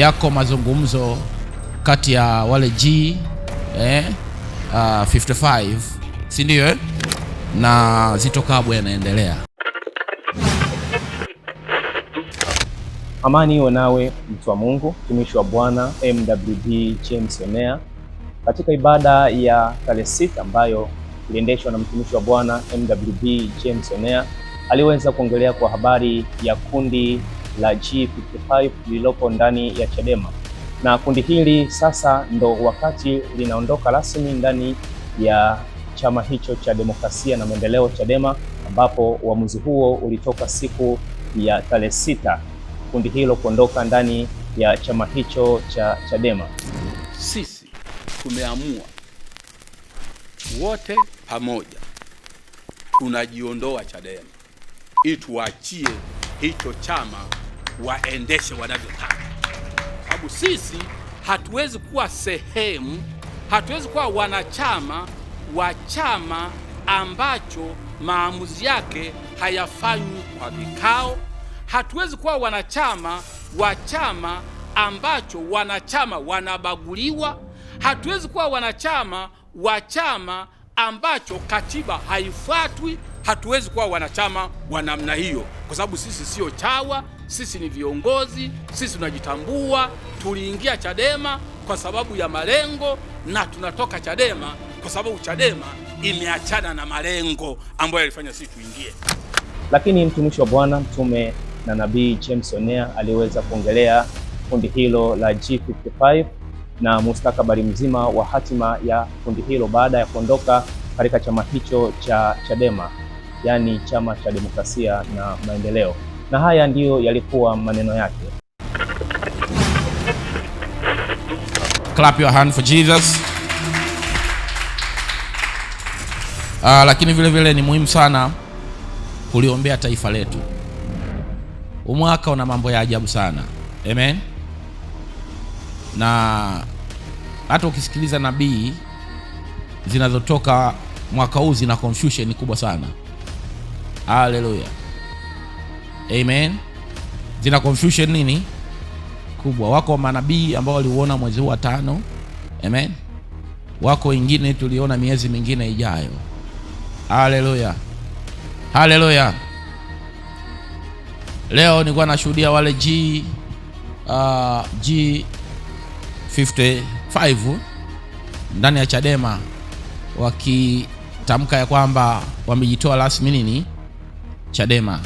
yako mazungumzo kati ya wale G eh, uh, ah, 55 si ndio eh? na Zito Kabwe yanaendelea. Amani iwe nawe mtu wa Mungu, mtumishi wa Bwana MWD James Onea, katika ibada ya tarehe sita ambayo iliendeshwa na mtumishi wa Bwana MWD James Onea aliweza kuongelea kwa habari ya kundi la G55 lililopo ndani ya Chadema, na kundi hili sasa ndo wakati linaondoka rasmi ndani ya chama hicho cha demokrasia na maendeleo Chadema, ambapo uamuzi huo ulitoka siku ya tarehe sita kundi hilo kuondoka ndani ya chama hicho cha Chadema. Sisi tumeamua wote pamoja tunajiondoa Chadema ili tuachie hicho chama waendeshe wanavyotaka, sababu sisi hatuwezi kuwa sehemu, hatuwezi kuwa wanachama wa chama ambacho maamuzi yake hayafanywi kwa vikao. Hatuwezi kuwa wanachama wa chama ambacho wanachama wanabaguliwa. Hatuwezi kuwa wanachama wa chama ambacho katiba haifuatwi hatuwezi kuwa wanachama wa namna hiyo, kwa sababu sisi sio chawa, sisi ni viongozi, sisi tunajitambua. Tuliingia Chadema kwa sababu ya malengo na tunatoka Chadema kwa sababu Chadema imeachana na malengo ambayo yalifanya sisi tuingie. Lakini mtumishi wa Bwana, mtume na nabii James Onea aliweza kuongelea kundi hilo la G55 na mustakabali mzima wa hatima ya kundi hilo baada ya kuondoka katika chama hicho cha Chadema yaani Chama cha Demokrasia na Maendeleo, na haya ndiyo yalikuwa maneno yake. Clap your hand for Jesus. Uh, lakini vile vile ni muhimu sana kuliombea taifa letu. Umwaka una mambo ya ajabu sana. Amen. Na hata ukisikiliza nabii zinazotoka mwaka huu zina confusion kubwa sana. Haleluya, amen. Zina confusion nini kubwa. Wako manabii ambao waliuona mwezi huu wa tano, amen. Wako wengine tuliona miezi mingine ijayo. Haleluya, haleluya. Leo nilikuwa nashuhudia wale G uh, G55 ndani ya Chadema wakitamka ya kwamba wamejitoa rasmi nini Chadema,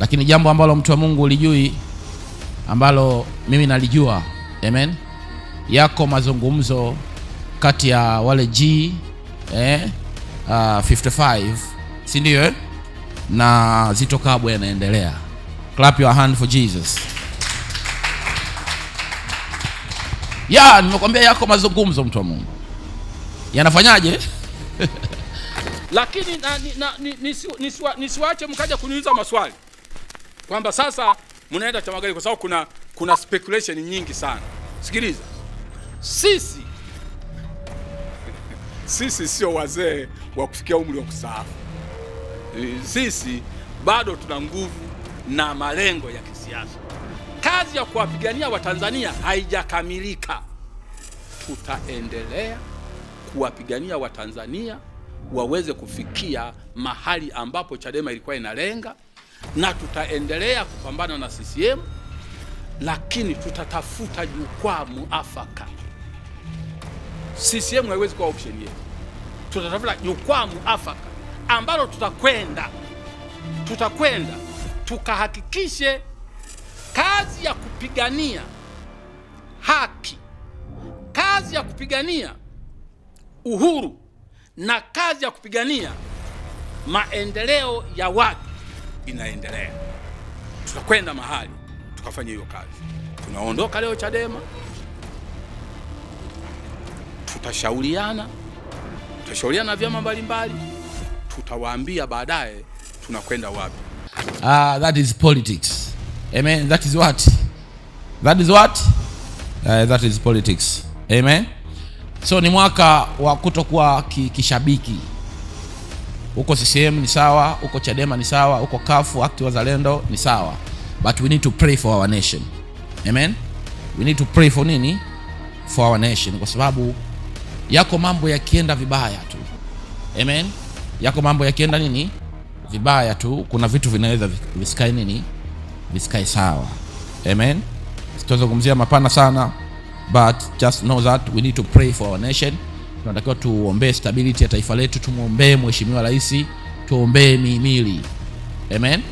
lakini jambo ambalo mtu wa Mungu ulijui, ambalo mimi nalijua, amen, yako mazungumzo kati ya wale G eh, uh, 55 si ndio eh? na Zito Kabwe yanaendelea. Clap your hand for Jesus. Ya, nimekwambia yako mazungumzo mtu wa Mungu, yanafanyaje? lakini nisiwache mkaja kuniuliza maswali kwamba sasa mnaenda chama gani, kwa sababu kuna, kuna speculation nyingi sana. Sikiliza, sisi sisi sio wazee wa kufikia umri wa kustaafu. E, sisi bado tuna nguvu na malengo ya kisiasa. Kazi ya kuwapigania Watanzania haijakamilika. Tutaendelea kuwapigania Watanzania waweze kufikia mahali ambapo Chadema ilikuwa inalenga, na tutaendelea kupambana na CCM, lakini tutatafuta jukwaa muafaka. CCM haiwezi kuwa option yetu, tutatafuta jukwaa muafaka ambalo tutakwenda tutakwenda tukahakikishe kazi ya kupigania haki, kazi ya kupigania uhuru na kazi ya kupigania maendeleo ya watu inaendelea. Tutakwenda mahali tukafanya hiyo kazi. Tunaondoka leo Chadema, tutashauriana, tutashauriana na vyama mbalimbali, tutawaambia baadaye tunakwenda wapi. Ah, that is politics. Amen. That is what? That is what? Uh, that is politics. Amen. So ni mwaka wa kutokuwa kishabiki. Huko CCM ni sawa, huko Chadema ni sawa, huko kafu akti wazalendo ni sawa, but we need to pray for our nation. Amen, we need to pray for nini? For our nation, kwa sababu yako mambo yakienda vibaya tu. Amen, yako mambo yakienda nini vibaya tu, kuna vitu vinaweza visikae nini, visikae sawa. Amen, sitazungumzia mapana sana but just know that we need to pray for our nation. Tunatakiwa tuombee stability ya taifa letu, tumwombee mheshimiwa rais, tuombee mihimili amen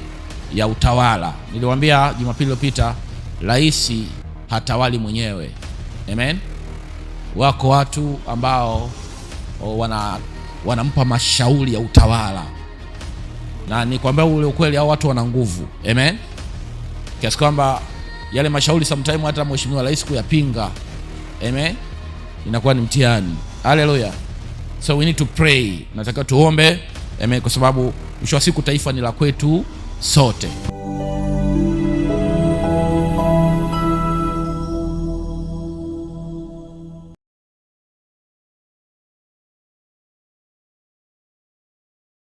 ya utawala. Niliwaambia Jumapili iliyopita, rais hatawali mwenyewe amen. Wako watu ambao wana wanampa mashauri ya utawala, na nikwambia ule ukweli, hao watu wana nguvu amen, kiasi kwamba yale mashauri sometime hata mheshimiwa rais kuyapinga, amen, inakuwa ni mtihani. Haleluya! So we need to pray, natakiwa tuombe, amen, kwa sababu mwisho wa siku taifa ni la kwetu sote.